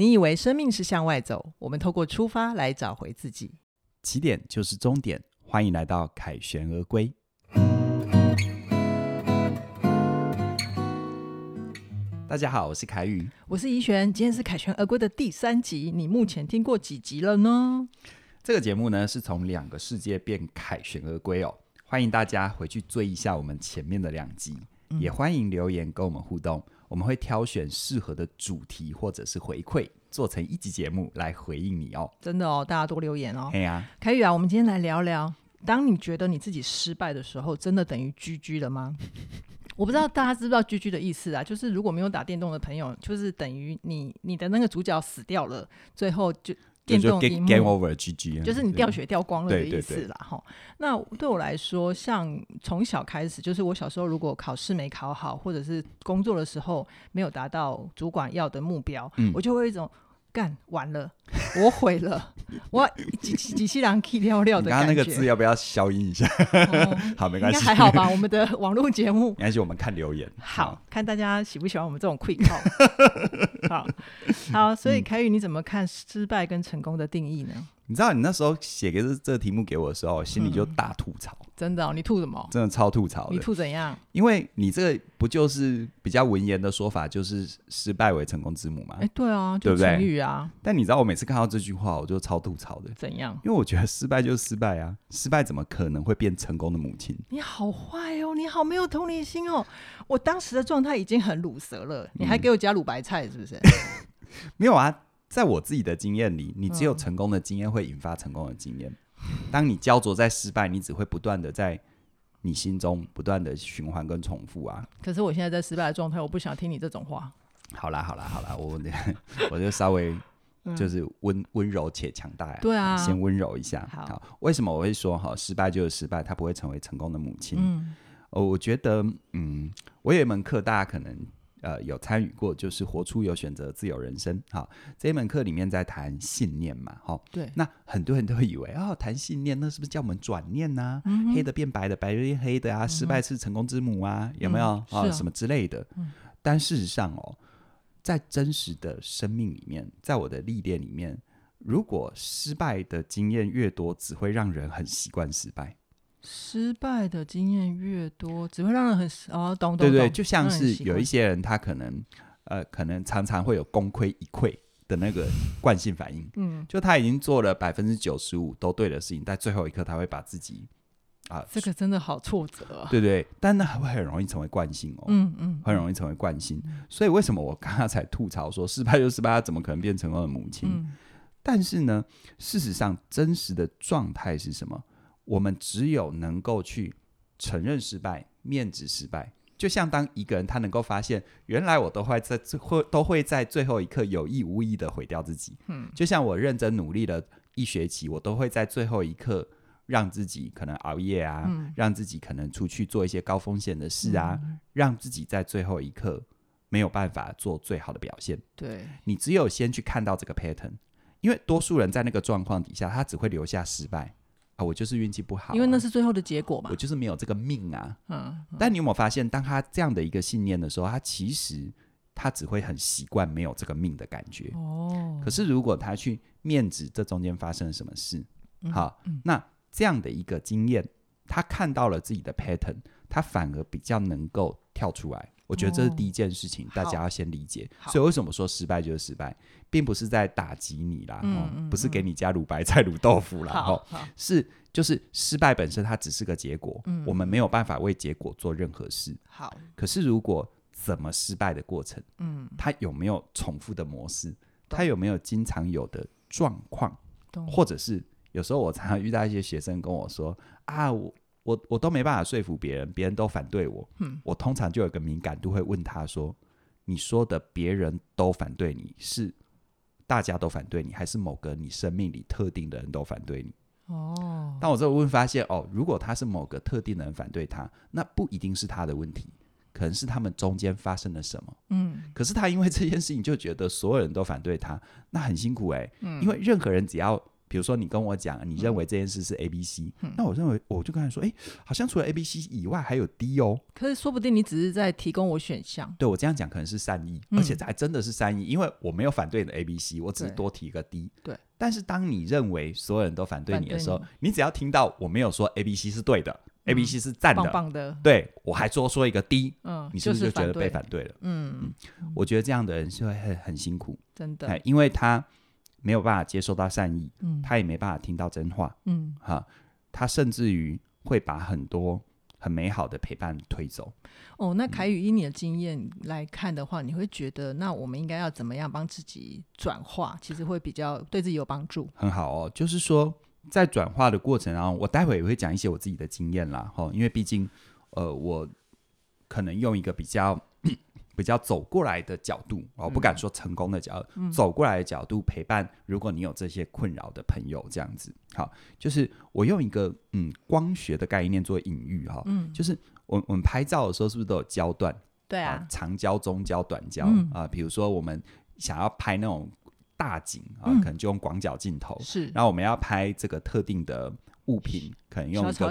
你以為生命是向外走，我們透過出發來找回自己。起點就是終點，歡迎來到凱璇而歸。大家好，我是凱宇，我是怡璇，今天是凱璇而歸的第三集，你目前聽過幾集了呢？這個節目呢是從兩個世界變凱璇而歸哦，歡迎大家回去追一下我們前面的兩集，嗯、也歡迎留言跟我們互動。我們會挑選適合的主題或者是回饋，做成一集節目來回應你哦。真的哦，大家多留言哦。哎呀、啊，凱宇啊，我們今天來聊聊，當你覺得你自己失敗的時候，真的等於 GG 了嗎？ 我不知道大家知不知道 GG 的意思啊，就是如果沒有打電動的朋友，就是等於你你的那個主角死掉了，最後就。就 game, game over GG，就是你掉血掉光了的意思啦吼、哦。那對我來說，像從小開始，就是我小時候如果考試沒考好，或者是工作的時候沒有達到主管要的目標，嗯、我就會一種。幹完了，我毀了，我幾幾幾人浪氣尿尿的感覺，剛剛那個字要不要消音一下？好、哦，沒關係，還好吧？ 我們的網絡節目沒關係，我們看留言，好、嗯、看大家喜不喜歡我們這種 quick、哦、 好好，所以凱宇你怎麼看失敗跟成功的定義呢？嗯你知道你那時候寫給這這題目給我的時候，心裡就大吐槽。嗯、真的、哦，你吐什麼？真的超吐槽的。你吐怎樣？因為你這個不就是比較文言的說法，就是失敗為成功之母嘛？哎、欸，對啊，就成語啊對不對？成語啊。但你知道，我每次看到這句話，我就超吐槽的。怎樣？因為我覺得失敗就是失敗啊，失敗怎麼可能會變成功的母親？你好壞哦！你好沒有同理心哦！我當時的狀態已經很魯蛇了，嗯、你還給我加魯白菜是不是？ 沒有啊。在我自己的經驗裡，你只有成功的經驗會引發成功的經驗。嗯、當你焦灼在失敗，你只會不斷的在你心中不斷的循環跟重複啊。可是我現在在失敗的狀態，我不想聽你這種話。好啦好啦好啦，我我就稍微就是溫溫、 嗯、柔且強大、啊。對啊，嗯、先溫柔一下。好，好為什麼我會說哈、哦？失敗就是失敗，它不會成為成功的母親、嗯哦。我覺得嗯，我有一門課，大家可能。呃，有參與過，就是活出有選擇自由人生哈、哦。這一門課裡面在談信念嘛，哈、哦。對。那很多人都會以為，哦，談信念，那是不是叫我們轉念啊？嗯、哼黑的變白的，白的變黑的啊？嗯、哼失敗是成功之母啊？有沒有啊？什麼之類的，嗯、但事實上哦，在真實的生命裡面，在我的歷練裡面，如果失敗的經驗越多，只會讓人很習慣失敗。失敗的經驗越多，只會讓人很啊，懂、哦、懂對對，就像是有一些人，他可能呃，可能常常會有功虧一簣的那個慣性反應。 嗯，就他已經做了百分之九十五都對的事情，在最後一刻，他會把自己啊，呃、這個真的好挫折。對對，但那還會很容易成為慣性哦。嗯嗯，嗯很容易成為慣性。所以為什麼我剛剛才吐槽說失敗就失敗，他怎麼可能變成功的母親？嗯、但是呢，事實上真實的狀態是什麼？我們只有能夠去承認失敗、面對失敗，就像當一個人他能夠發現，原來我都會在會都會在最後一刻有意無意的毀掉自己。嗯、就像我認真努力了一學期，我都會在最後一刻讓自己可能熬夜啊，嗯、讓自己可能出去做一些高風險的事啊，嗯、讓自己在最後一刻沒有辦法做最好的表現。對。你只有先去看到這個 pattern，因為多數人在那個狀況底下，他只會留下失敗。我就是運氣不好啊，因為那是最後的結果嘛。我就是沒有這個命啊。嗯，嗯，但你有沒有發現，當他這樣的一個信念的時候，他其實他只會很習慣沒有這個命的感覺。哦，可是如果他去面子這中間發生了什麼事，好，嗯，嗯，那這樣的一個經驗，他看到了自己的 pattern，他反而比較能夠跳出來。我覺得這是第一件事情，大家要先理解。所以為什麼說失敗就是失敗？並不是在打擊你啦，不是給你加滷白菜滷豆腐啦，好是，就是失敗本身它只是個結果，我們沒有辦法為結果做任何事。好，可是如果怎麼失敗的過程，嗯，它有沒有重複的模式？它有沒有經常有的狀況？或者是有時候我常常遇到一些學生跟我說，啊，我。我我都沒辦法說服別人，別人都反對我。嗯，我通常就有個敏感度，會問他說：“你說的別人都反對你，是大家都反對你，還是某個你生命裡特定的人都反對你？”哦，那我就會發現，哦，如果他是某個特定的人反對他，那不一定是他的問題，可能是他們中間發生了什麼。嗯，可是他因為這件事情就覺得所有人都反對他，那很辛苦誒、欸。嗯，因為任何人只要。比如說，你跟我講，你認為這件事是 A、B、C，那我認為我就跟他說，哎，好像除了 A、B、C 以外還有 D 哦。可是說不定你只是在提供我選項。對，我這樣講可能是善意，而且還真的是善意，因為我沒有反對你的 A、B、C，我只是多提一個 D。對。但是當你認為所有人都反對你的時候，你只要聽到我沒有說 A、B、C 是對的，A、B、C 是讚的，對，我還多說一個 D，嗯，你是不是就覺得被反對了？嗯嗯，我覺得這樣的人就會很很辛苦，真的，因為他。沒有辦法接受到善意，嗯，他也沒辦法聽到真話，嗯，哈，他甚至於會把很多很美好的陪伴推走。哦，那凱宇、嗯、以你的經驗來看的話，你會覺得那我們應該要怎麼樣幫自己轉化？其實會比較對自己有幫助。很好哦，就是說在轉化的過程當中，我待會也會講一些我自己的經驗啦，哈，因為畢竟呃，我可能用一個比較。比較走過來的角度啊，嗯哦，不敢說成功的角度，嗯，走過來的角度陪伴。如果你有這些困擾的朋友，這樣子好，就是我用一個嗯光學的概念做隱喻哈，哦、嗯，就是我們我們拍照的時候是不是都有焦段？對啊，啊，長焦、中焦、短焦，嗯，啊。比如說我們想要拍那種大景啊，嗯，可能就用廣角鏡頭，嗯。是，然後我們要拍這個特定的。物品可能用一個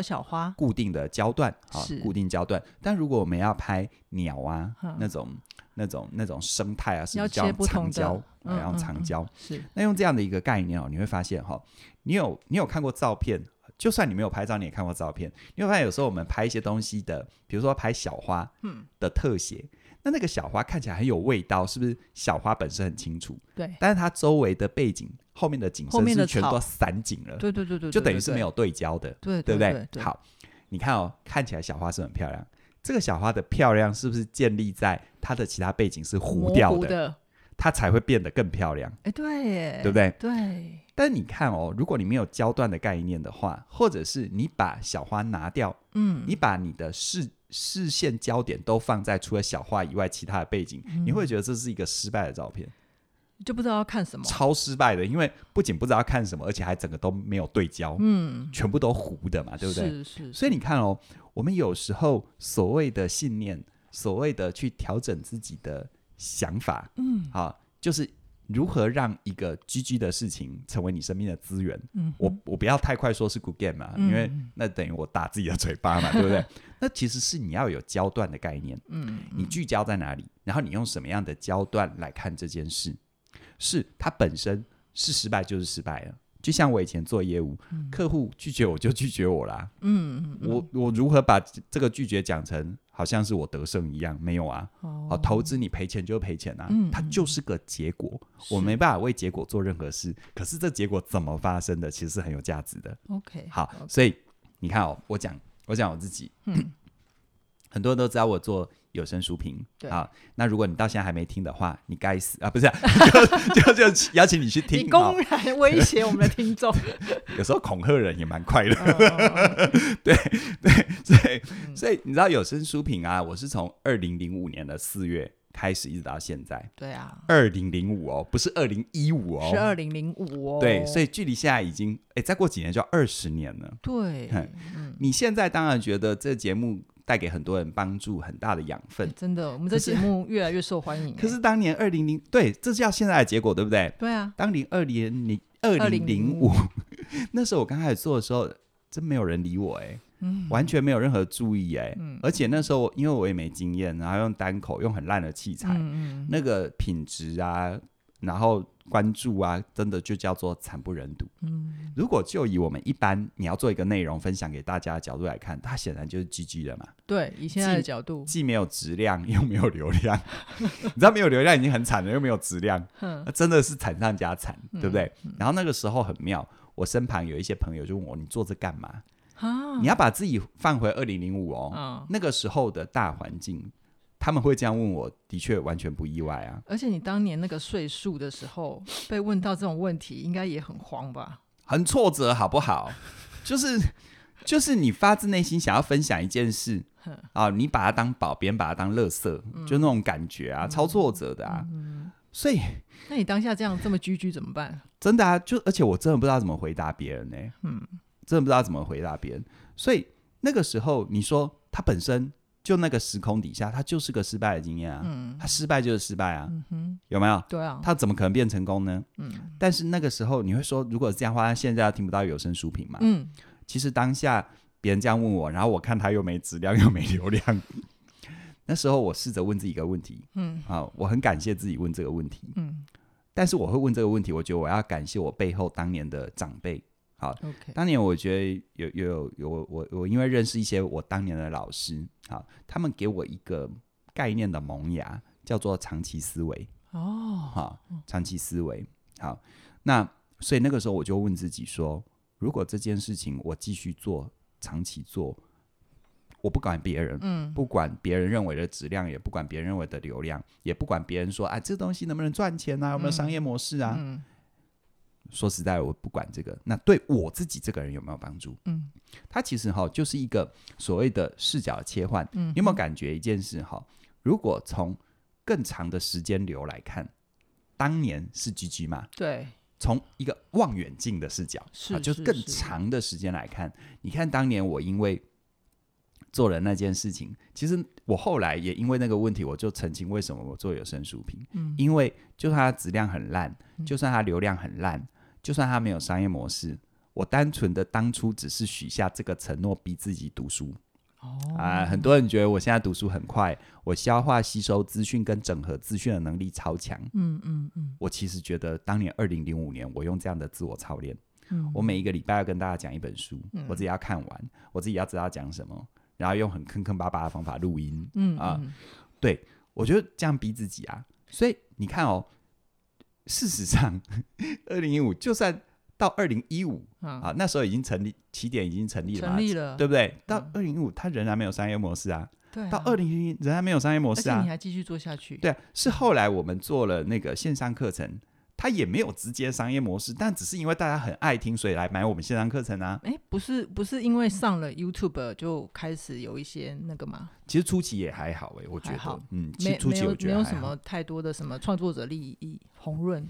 固定的焦段，小草小花啊，是固定焦段。但如果我們要拍鳥啊，嗯、那種、那種、那種生態啊，什麼叫長焦，要切不同的、嗯啊，用長焦。嗯嗯，是，那用這樣的一個概念哦，你會發現哈、哦，你有你有看過照片，就算你沒有拍照，你也看過照片，因為發現有時候我們拍一些東西的，比如說拍小花，的特寫。嗯那那個小花看起來很有味道，是不是？小花本身很清楚，對，但是它周圍的背景、後面的景色是不是全部都散景了，對對對對，就等於是沒有對焦的，對對對,對,對,對對對，好，你看哦，看起來小花是很漂亮，這個小花的漂亮是不是建立在它的其他背景是糊掉的，糊掉的它才會變得更漂亮？誒、欸，對耶，對不對？對。但你看哦，如果你沒有焦段的概念的話，或者是你把小花拿掉，嗯，你把你的視視線焦點都放在除了小花以外其他的背景，嗯，你會覺得這是一個失敗的照片，就不知道要看什麼，超失敗的。因為不僅不知道看什麼，而且還整個都沒有對焦，嗯，全部都糊的嘛，對不對？是是是。所以你看哦，我們有時候所謂的信念，所謂的去調整自己的想法，嗯，好，啊，就是。如何讓一個 GG 的事情成為你生命的資源？嗯、哼我我不要太快說是 Good Game 嘛，嗯、因為那等於我打自己的嘴巴嘛，對不對？ 那其實是你要有焦段的概念，嗯，嗯，你聚焦在哪裡，然後你用什麼樣的焦段來看這件事，是它本身是失敗就是失敗了。就像我以前做業務，嗯、客戶拒絕我就拒絕我啦。嗯嗯，嗯我我如何把這個拒絕講成好像是我得勝一樣？沒有啊，哦，投資你賠錢就賠錢吶、啊，嗯、它就是個結果，嗯、我沒辦法為結果做任何事。是可是這結果怎麼發生的，其實是很有價值的。OK，好，okay. 所以你看哦，我講我講我自己，嗯、很多人都知道我做。有聲書評對啊，那如果你到現在還沒聽的話，你該死啊，啊！不是， 就就，就邀請你去聽， 你公然威脅我們的聽眾， 有時候恐嚇人也蠻快樂、嗯 對。對對對，所以，所以你知道有聲書評啊，我是從二零零五年的四月開始，一直到現在。對啊，二零零五哦，不是二零一五哦，是二零零五哦。對，所以距離現在已經，哎，再過幾年就二十年了。對，嗯，嗯，你現在當然覺得這個節目。帶給很多人幫助很大的養分、欸，真的，我們這節目是越來越受歡迎、欸。可是當年二零零，對，這叫現在的結果，對不對？對啊，當年二零零二零零五， 那時候我剛開始做的時候，真沒有人理我、欸，哎、嗯哼，完全沒有任何注意、欸，哎、嗯，而且那時候因為我也沒經驗，然後用單口，用很爛的器材，嗯嗯那個品質啊，然後。關注啊，真的就叫做慘不忍睹。嗯，如果就以我們一般你要做一個內容分享給大家的角度來看，它顯然就是 GG 的嘛。對，以現在的角度，既，既沒有質量又沒有流量。 你知道沒有流量已經很慘了，又沒有質量， 那真的是慘上加慘，嗯、對不對？然後那個時候很妙，我身旁有一些朋友就問我：“你做這幹嘛？”啊、你要把自己放回二零零五哦，哦那個時候的大環境。他們會這樣問我，的確完全不意外啊！而且你當年那個歲數的時候，被問到這種問題，應該也很慌吧？很挫折，好不好？就是，就是你發自內心想要分享一件事啊，你把它當寶，別人把它當垃圾，就那種感覺啊，超挫折的啊。所以，那你當下這樣這麼居居怎麼辦？真的啊，就而且我真的不知道怎麼回答別人呢。嗯，真的不知道怎麼回答別人。所以那個時候你說他本身。就那個時空底下，他就是個失敗的經驗啊，他、嗯、失敗就是失敗啊，嗯、哼有沒有？對啊，他怎麼可能變成功呢？嗯、但是那個時候你會說，如果是這樣的話，現在聽不到有聲書評嘛。嗯、其實當下別人這樣問我，然後我看他又沒質量又沒流量， 那時候我試着問自己一個問題，嗯，好、啊，我很感謝自己問這個問題，嗯，但是我會問這個問題，我覺得我要感謝我背後當年的長輩。好，Okay. 當年我覺得有有有，有我我我因為認識一些我當年的老師，好，他們給我一個概念的萌芽，叫做長期思維。哦，好，長期思維。好，那所以那個時候我就問自己說，如果這件事情我繼續做，長期做，我不管別人，嗯，不管別人認為的質量，也不管別人認為的流量，也不管別人說，啊、哎，這東西能不能賺錢啊？嗯、有沒有商業模式啊？嗯嗯說實在，我不管這個。那對我自己這個人有沒有幫助？嗯，他其實哈就是一個所謂的視角切換。嗯哼，你有沒有感覺一件事哈？如果從更長的時間流來看，當年是 GG 嗎？對。從一個望遠鏡的視角，是，是，是就是，更長的時間來看，是是是，你看當年我因為做了那件事情，其實我後來也因為那個問題，我就澄清為什麼我做有聲書評。嗯，因為就算它質量很爛，就算它流量很爛。嗯嗯就算他沒有商業模式，我單純的當初只是許下這個承諾，逼自己讀書。哦啊、oh. 呃，很多人覺得我現在讀書很快，我消化吸收資訊跟整合資訊的能力超強。嗯嗯嗯，hmm. 我其實覺得當年二零零五年，我用這樣的自我操練，mm hmm. 我每一個禮拜要跟大家講一本書，mm hmm. 我自己要看完，我自己要知道講什麼，然後用很坑坑巴巴的方法錄音。嗯、呃、啊，mm hmm. 對，我覺得這樣逼自己啊。所以你看哦。事實上，二零一五就算到二零一五啊，那時候已經成立，起點已經成立了嘛，成立了，對不對？到二零一五，它仍然沒有商業模式啊。對、嗯，到二零一一仍然沒有商業模式啊，你還繼續做下去？啊、對、啊、是後來我們做了那個線上課程。嗯嗯他也沒有直接商業模式，但只是因為大家很愛聽，所以來買我們線上課程啊。誒、欸，不是不是因為上了 YouTube 就開始有一些那個嗎？其實初期也還好誒、欸，我覺得，好嗯，其實初期我覺得沒，沒，有沒有什麼太多的什麼創作者利益紅潤，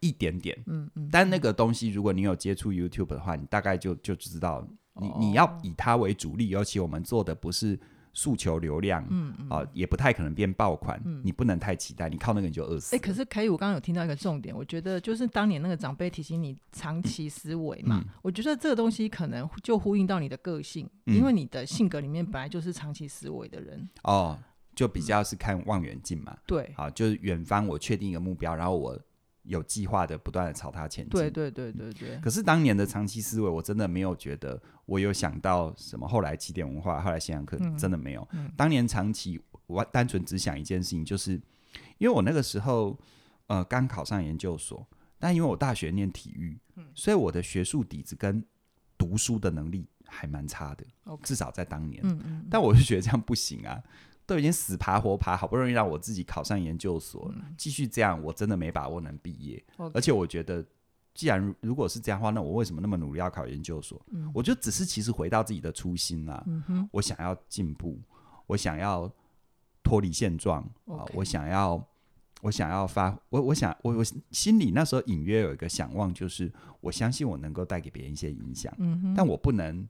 一點點，嗯嗯。嗯，但那個東西，如果你有接觸 YouTube 的話，你大概就就知道，你你要以它為主力，尤其我們做的不是。訴求流量，嗯嗯，嗯啊，也不太可能變爆款，嗯、你不能太期待，你靠那個你就餓死、欸。可是凱宇，我剛剛有聽到一個重點，我覺得就是當年那個長輩提醒你長期思維嘛，嗯、我覺得這個東西可能就呼應到你的個性，嗯、因為你的性格裡面本來就是長期思維的人、嗯，哦，就比較是看望遠鏡嘛、嗯，對，啊，就是遠方，我確定一個目標，然後我。有計劃的，不斷的朝他前進。對對對對對。可是當年的長期思維，我真的沒有覺得我有想到什麼。後來啟點文化，後來信仰可能真的沒有。當年長期，我單純只想一件事情，就是因為我那個時候呃剛考上研究所，但因為我大學念體育，所以我的學術底子跟讀書的能力還蠻差的，至少在當年。但我是覺得這樣不行啊。都已經死爬活爬，好不容易讓我自己考上研究所，嗯、繼續這樣，我真的沒把握能畢業。Okay. 而且我覺得，既然如果是這樣的話，那我為什麼那麼努力要考研究所？嗯、哼我就只是其實回到自己的初心了、啊。嗯、哼我想要進步，我想要脫離現狀啊 Okay.、呃，我想要，我想要發，我我想我我心裡那時候隱約有一個想望，就是我相信我能夠帶給別人一些影響。嗯、哼但我不能。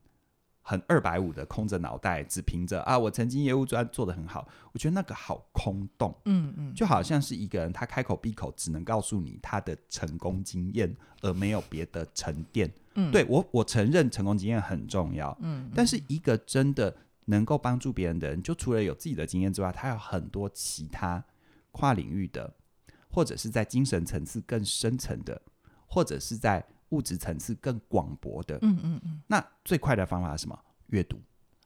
很二百五的空着腦袋，只憑着啊，我曾經業務專做得很好，我覺得那個好空洞，嗯嗯，嗯就好像是一個人他開口閉口只能告訴你他的成功經驗，而沒有別的沉澱。嗯，對我我承認成功經驗很重要，嗯，但是一個真的能夠幫助別人的人，就除了有自己的經驗之外，他有很多其他跨領域的，或者是在精神層次更深層的，或者是在。物質層次更廣博的，嗯嗯嗯。嗯嗯，那最快的方法是什麼？閱讀。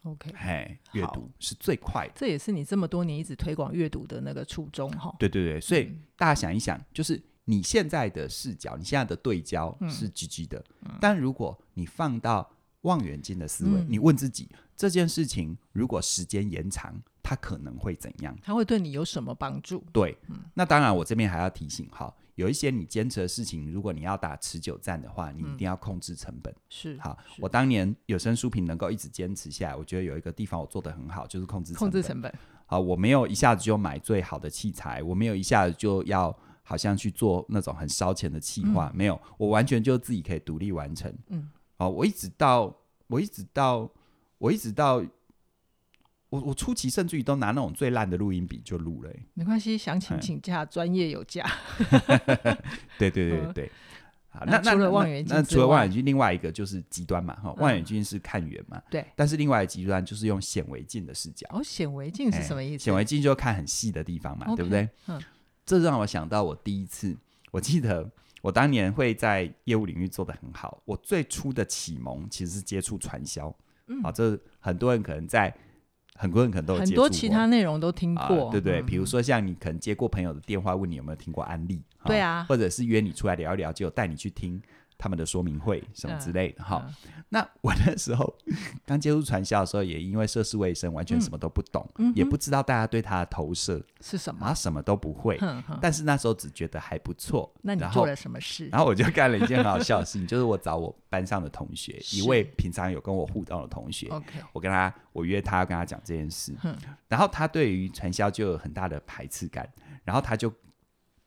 OK，嘿，閱讀好是最快的。這也是你這麼多年一直推廣閱讀的那個初衷哈、哦。對對對，所以大家想一想，嗯、就是你現在的視角，你現在的對焦是積極的，嗯、但如果你放到望遠鏡的思維，嗯、你問自己這件事情，如果時間延長。他可能會怎樣？他會對你有什麼幫助？對，嗯、那當然，我這邊還要提醒哈，有一些你堅持的事情，如果你要打持久戰的話，你一定要控制成本。嗯、是，好，是我當年有聲書評能夠一直堅持下來，我覺得有一個地方我做得很好，就是控制成本控制成本。好，我沒有一下子就買最好的器材，嗯、我沒有一下子就要好像去做那種很燒錢的企劃，嗯、沒有，我完全就自己可以獨立完成。嗯，好，我一直到我一直到我一直到。我一直到我我初期甚至於都拿那種最爛的錄音筆就錄了，沒關係，想請請假，專業有價。對對對對，那除了望遠鏡，那除了望遠鏡，另外一個就是極端嘛哈，望遠鏡是看遠嘛，對，但是另外的極端就是用顯微鏡的視角。哦，顯微鏡是什麼意思？顯微鏡就看很細的地方嘛，對不對？嗯，這讓我想到我第一次，我記得我當年會在業務領域做得很好。我最初的啟蒙其實是接觸傳銷，嗯，啊，這很多人可能在。很多人可能都有很多其他內容都聽過，啊、對不對，對？比、嗯、如說像你可能接過朋友的電話問你有沒有聽過安利，對啊、嗯，或者是約你出來聊一聊，就帶你去聽。他們的說明會什麼之類的哈，那我那時候剛接觸傳銷的時候，也因為涉世未深，完全什麼都不懂，也不知道大家對他的投射是什麼，什麼都不會。但是那時候只覺得還不錯。那你做了什麼事？然後我就幹了一件很好笑的事情，就是我找我班上的同學，一位平常有跟我互動的同學，我跟他，我約他跟他講這件事。然後他對於傳銷就有很大的排斥感，然後他就。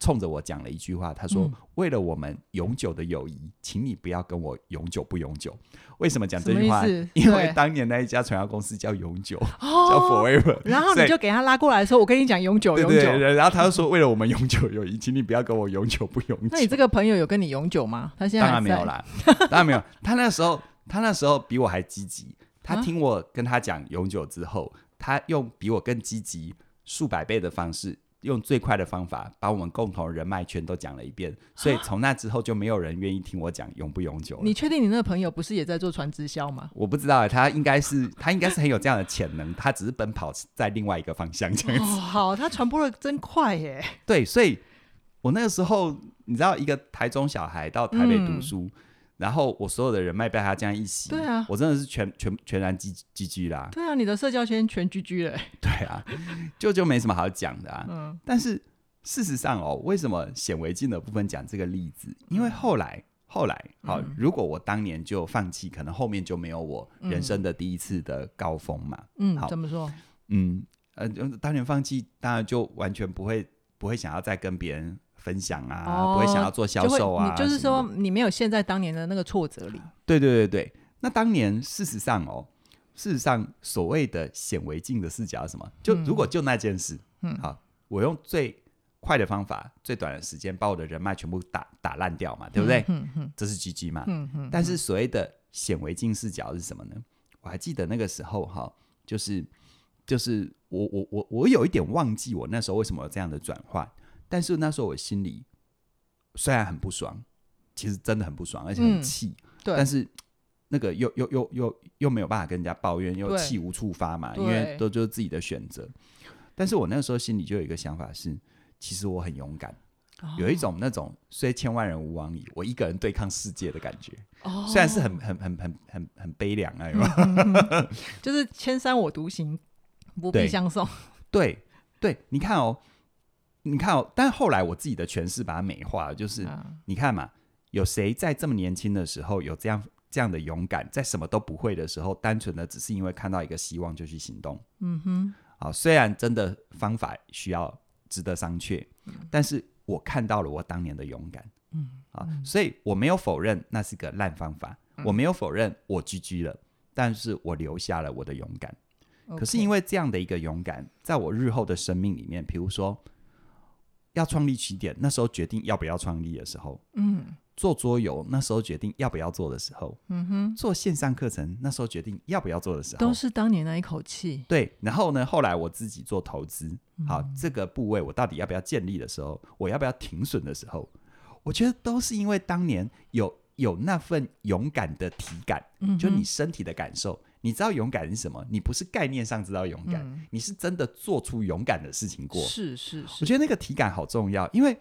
衝着我講了一句話，他說：“為了我們永久的友誼，請你不要跟我永久不永久。”為什麼講這句話？因為當年那一家傳銷公司叫永久，叫 Forever。然後你就給他拉過來的時候，我跟你講，永久，永久。然後他就說：“為了我們永久友誼，請你不要跟我永久不永久。”那你這個朋友有跟你永久嗎？他現在當然沒有啦，當然沒有。他那時候，他那時候比我還積極。他聽我跟他講永久之後，他用比我更積極數百倍的方式。用最快的方法，把我們共同的人脈全都講了一遍，所以從那之後就沒有人願意聽我講永不永久了。你確定你那個朋友不是也在做傳直銷嗎？我不知道，他應該是他應該是很有這樣的潛能， 他只是奔跑在另外一個方向這樣子。哦，好，他傳播得真快耶！對，所以我那個時候你知道，一個台中小孩到台北讀書。嗯然後我所有的人脈被他這樣一洗，對啊，我真的是全全全然 GGG 啦。對啊，你的社交圈全 GG 嘞。對啊，就就沒什麼好講的啊。嗯、但是事實上哦，為什麼顯微鏡的部分講這個例子？因為後來後來，好，嗯、如果我當年就放棄，可能後面就沒有我人生的第一次的高峰嘛。嗯。好，怎麼說？嗯呃，當年放棄，當然就完全不會不會想要再跟別人。分享啊，哦、不會想要做銷售啊就，就是說你沒有陷在當年的那個挫折裡、啊。對對對對，那當年事實上哦，事實上所謂的顯微鏡的視角是什麼？就、嗯、如果就那件事，嗯，好，我用最快的方法、嗯、最短的時間把我的人脈全部打打爛掉嘛，對不對？嗯嗯，嗯嗯這是 GG 嘛，嗯嗯。嗯嗯但是所謂的顯微鏡視角是什麼呢？嗯嗯、我還記得那個時候哈、哦，就是就是我我我我有一點忘記我那時候為什麼有這樣的轉換。但是那時候我心裡雖然很不爽，其實真的很不爽，而且很氣。嗯、但是那個又又又又又沒有辦法跟人家抱怨，對又氣無處發嘛，對因為都就是自己的選擇。但是我那個時候心裡就有一個想法是，其實我很勇敢，哦、有一種那種雖千萬人吾往矣，我一個人對抗世界的感覺。哦、雖然是很很很很很很悲涼、啊、就是千山我獨行，不必相送。對，對，你看哦。你看、哦，但後來我自己的詮釋把它美化了，就是你看嘛，有誰在這麼年輕的時候有這樣這樣的勇敢，在什麼都不會的時候，單純的只是因為看到一個希望就去行動？嗯哼，啊，雖然真的方法需要值得商榷，嗯、哼但是我看到了我當年的勇敢，嗯，嗯啊，所以我沒有否認那是個爛方法，嗯、我沒有否認我 GG 了，但是我留下了我的勇敢。Okay 可是因為這樣的一個勇敢，在我日後的生命裡面，譬如說。要創立起點，那時候決定要不要創立的時候，嗯，做桌遊，那時候決定要不要做的時候，嗯哼，做線上課程，那時候決定要不要做的時候，都是當年那一口氣。對，然後呢，後來我自己做投資，好，嗯哼，這個部位我到底要不要建立的時候，我要不要停損的時候，我覺得都是因為當年有有那份勇敢的體感，嗯哼，就你身體的感受。你知道勇敢是什麼？你不是概念上知道勇敢，嗯、你是真的做出勇敢的事情過。是是是，是是我覺得那個體感好重要，因為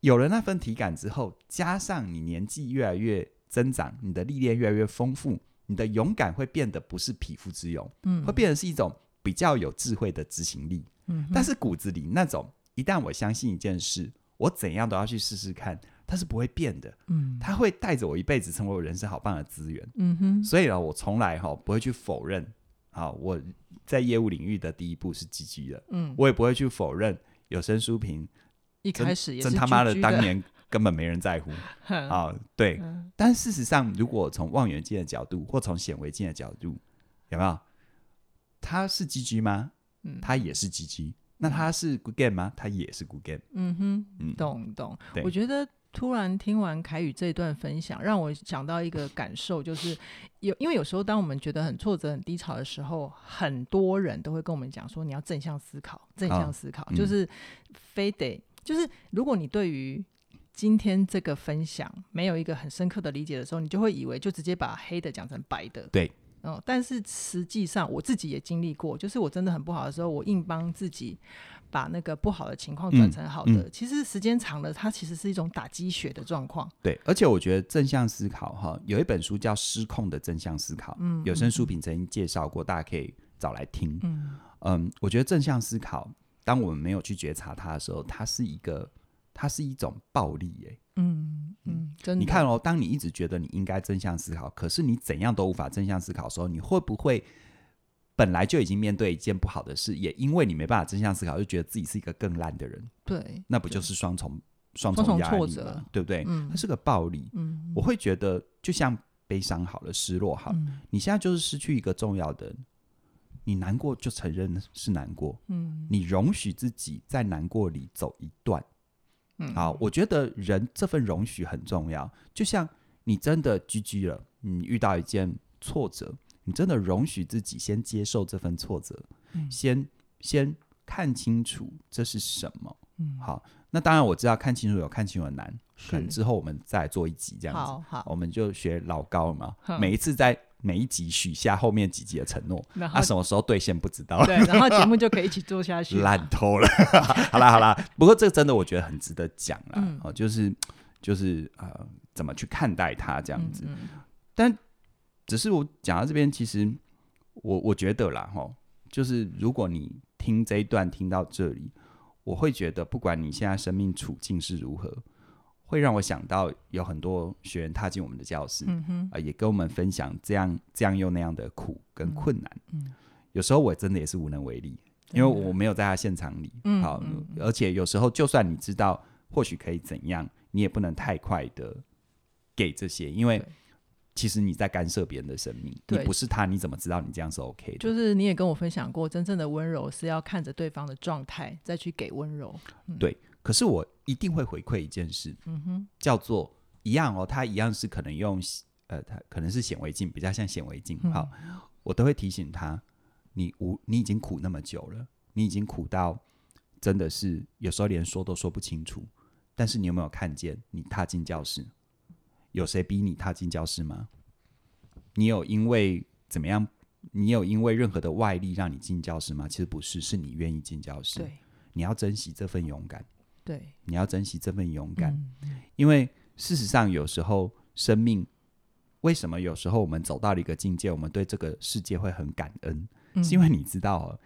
有了那份體感之後，加上你年紀越來越增長，你的歷練越來越豐富，你的勇敢會變得不是匹夫之勇，嗯，會變得是一種比較有智慧的執行力。嗯哼，但是骨子裡那種，一旦我相信一件事，我怎樣都要去試試看。它是不會變的，嗯，它會帶着我一輩子成為我人生好棒的資源，嗯哼。所以呢、哦，我從來哈、哦、不會去否認啊、哦，我在業務領域的第一步是 GG 的，嗯，我也不會去否認有聲書評一開始也是真，真他媽的當年、嗯、哼根本沒人在乎，啊、嗯哼哦，對。但事實上，如果從望遠鏡的角度或從顯微鏡的角度，有沒有？他是 GG 嗎？他也是 GG。那他是 good game 嗎？他也是 good game。嗯哼，懂懂。懂對我覺得。突然聽完凱宇這一段分享，讓我想到一個感受，就是有因為有時候當我們覺得很挫折，很低潮的時候，很多人都會跟我們講說，你要正向思考，正向思考，就是非得就是，嗯就是、如果你對於今天這個分享沒有一個很深刻的理解的時候，你就會以為就直接把黑的講成白的。對。嗯、哦，但是實際上我自己也經歷過，就是我真的很不好的時候，我硬幫自己把那個不好的情況轉成好的。嗯嗯、其實時間長了，它其實是一種打雞血的狀況。對，而且我覺得正向思考哈，有一本書叫《失控的正向思考》，嗯、有聲書評曾經介紹過，嗯、大家可以找來聽。嗯嗯，我覺得正向思考，當我們沒有去覺察它的時候，它是一個。它是一種暴力、欸，哎，嗯嗯，嗯真的你看哦，當你一直覺得你應該正向思考，可是你怎樣都無法正向思考的時候，你會不會本來就已經面對一件不好的事，也因為你沒辦法正向思考，就覺得自己是一個更爛的人？對，那不就是雙重對雙重壓力了，對不對？嗯、它是個暴力，嗯，我會覺得就像悲傷好了，失落好了，嗯、你現在就是失去一個重要的人，你難過就承認是難過，嗯，你容許自己在難過裡走一段。嗯、好，我覺得人這份容許很重要。就像你真的 GG 了，你遇到一件挫折，你真的容許自己先接受這份挫折，嗯、先先看清楚這是什麼。嗯、好，那當然我知道看清楚有看清楚很難，是可能之後我們再做一集這樣子。好，好我們就學老高了嘛，呵每一次在。每一集許下後面幾集的承諾，那後、啊、什麼時候兌現不知道。對，呵呵然後節目就可以一起做下去、啊。爛透偷了， 好了好了， 不過這個真的我覺得很值得講啦，嗯、哦，就是就是呃，怎麼去看待它這樣子？嗯嗯但只是我講到這邊，其實我我覺得啦，哈、哦，就是如果你聽這一段聽到這裡，我會覺得不管你現在生命處境是如何。會讓我想到有很多學員踏進我們的教室，啊、嗯哼呃，也跟我們分享這樣這樣又那樣的苦跟困難。嗯嗯、有時候我真的也是無能為力，嗯、因為我沒有在他現場裡。嗯、好，嗯、而且有時候就算你知道或許可以怎樣，嗯、你也不能太快的給這些，因為其實你在干涉別人的生命。對，你不是他，你怎麼知道你這樣是 OK 的？就是你也跟我分享過，真正的溫柔是要看着對方的狀態再去給溫柔。嗯、對。可是我一定會回饋一件事，嗯、哼叫做一樣哦，他一樣是可能用呃，他可能是顯微鏡，比較像顯微鏡。好，嗯、我都會提醒他：你無你已經苦那麼久了，你已經苦到真的是有時候連說都說不清楚。但是你有沒有看見？你踏進教室，有誰逼你踏進教室嗎？你有因為怎麼樣？你有因為任何的外力讓你進教室嗎？其實不是，是你願意進教室。對你要珍惜這份勇敢。對，你要珍惜這份勇敢，嗯、因為事實上，有時候生命為什麼有時候我們走到了一個境界，我們對這個世界會很感恩，嗯、是因為你知道、哦，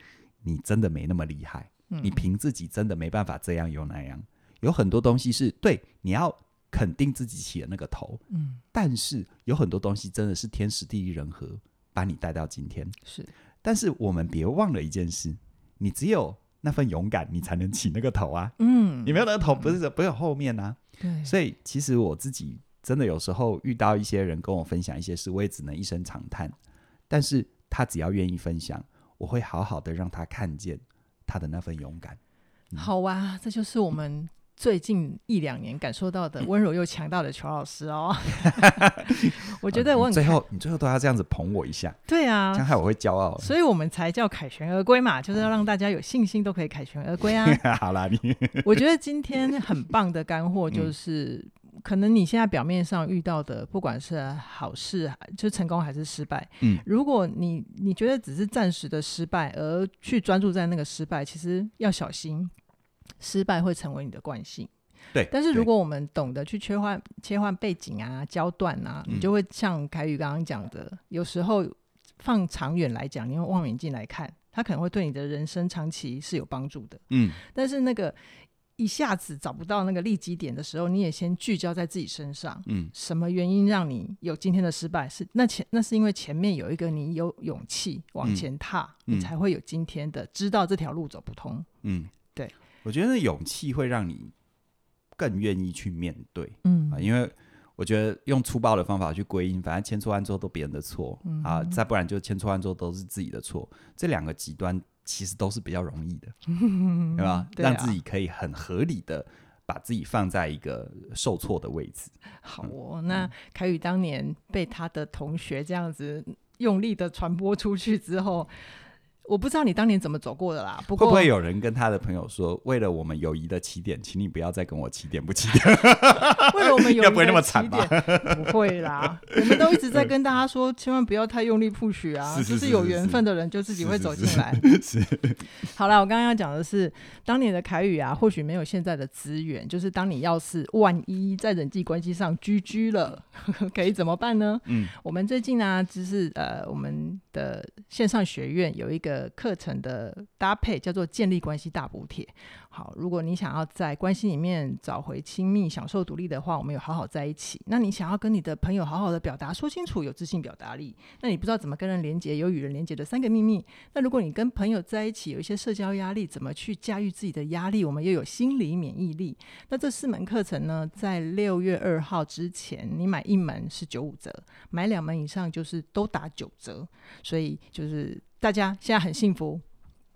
你真的沒那麼厲害，嗯、你憑自己真的沒辦法這樣有那樣，有很多東西是對你要肯定自己起了那個頭，嗯、但是有很多東西真的是天時地利人和把你帶到今天是，但是我們別忘了一件事，你只有。那份勇敢，你才能起那個頭啊！嗯，你沒有那個頭，不是沒、嗯、有後面啊。對，所以其實我自己真的有時候遇到一些人跟我分享一些事，我也只能一聲長嘆。但是他只要願意分享，我會好好的讓他看見他的那份勇敢。嗯、好啊，這就是我們、嗯。最近一兩年感受到的溫柔又強大的裘老師哦， 我覺得我很最後你最後都要這樣子捧我一下。對啊，這樣害我會驕傲，所以我們才叫凱旋而歸嘛，就是要讓大家有信心都可以凱旋而歸啊。 好啦，你我覺得今天很棒的乾貨就是， 嗯、可能你現在表面上遇到的，不管是好事就成功還是失敗，嗯，如果你你覺得只是暫時的失敗，而去專注在那個失敗，其實要小心。失敗會成為你的慣性，對。但是如果我們懂得去切換對切換背景啊、焦段啊，你就會像凱宇剛剛講的，嗯、有時候放長遠來講，你用望遠鏡來看，它可能會對你的人生長期是有幫助的。嗯。但是那個一下子找不到那個利基點的時候，你也先聚焦在自己身上。嗯。什麼原因讓你有今天的失敗？是那前那是因為前面有一個你有勇氣往前踏，嗯、你才會有今天的、嗯、知道這條路走不通。嗯。我覺得那勇氣會讓你更願意去面對，嗯啊，因為我覺得用粗暴的方法去歸因，反正千錯萬錯都別人的錯、嗯、啊，再不然就千錯萬錯都是自己的錯，這兩個極端其實都是比較容易的，對吧？讓自己可以很合理的把自己放在一個受挫的位置。好哦，嗯、那凱宇當年被他的同學這樣子用力的傳播出去之後。我不知道你當年怎麼走過的啦。不過，會不會有人跟他的朋友說：“為了我們友誼的起點，請你不要再跟我起點不起點？” 為了我們友誼，要不會那麼慘吧？ 不會啦，我們 都一直在跟大家說， 千萬不要太用力 push 啊！是是是是是，就是有緣分的人，就自己會走進來。好啦，我剛剛要講的是當年的凱宇啊，或許沒有現在的資源，就是當你要是萬一在人際關係上 GG 了， 可以怎麼辦呢？嗯，我們最近呢、啊，就是呃，我們。的線上學院有一個課程的搭配，叫做“建立關係大補帖”。好，如果你想要在關係裡面找回親密、享受獨立的話，我們有好好在一起。那你想要跟你的朋友好好的表達、說清楚，有自信表達力。那你不知道怎麼跟人連結，有與人連結的三個秘密。那如果你跟朋友在一起有一些社交壓力，怎麼去駕馭自己的壓力？我們又有心理免疫力。那這四門課程呢，在六月二號之前，你買一門是九五折，買兩門以上就是都打九折。所以就是大家現在很幸福。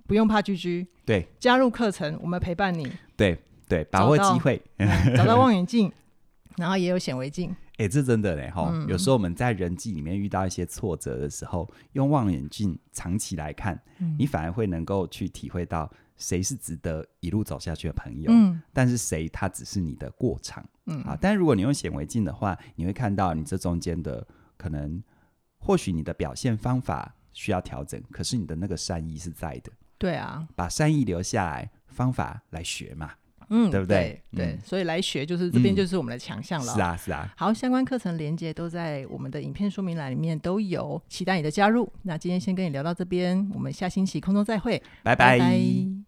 不用怕 GG，對，加入課程，我們陪伴你。對對，把握機會找，找到望遠鏡， 然後也有顯微鏡。誒、欸，這真的嘞吼，嗯、有時候我們在人際裡面遇到一些挫折的時候，用望遠鏡長期來看，嗯、你反而會能夠去體會到誰是值得一路走下去的朋友。嗯、但是誰他只是你的過場。嗯啊，但如果你用顯微鏡的話，你會看到你這中間的可能，或許你的表現方法需要調整，可是你的那個善意是在的。對啊，把善意留下來，方法來學嘛，嗯，對不對？對，嗯、對，所以來學就是這邊就是我們的強項了，嗯。是啊，是啊。好，相關課程連結都在我們的影片說明欄裡面都有，期待你的加入。那今天先跟你聊到這邊，我們下星期空中再會，拜拜 bye。Bye bye。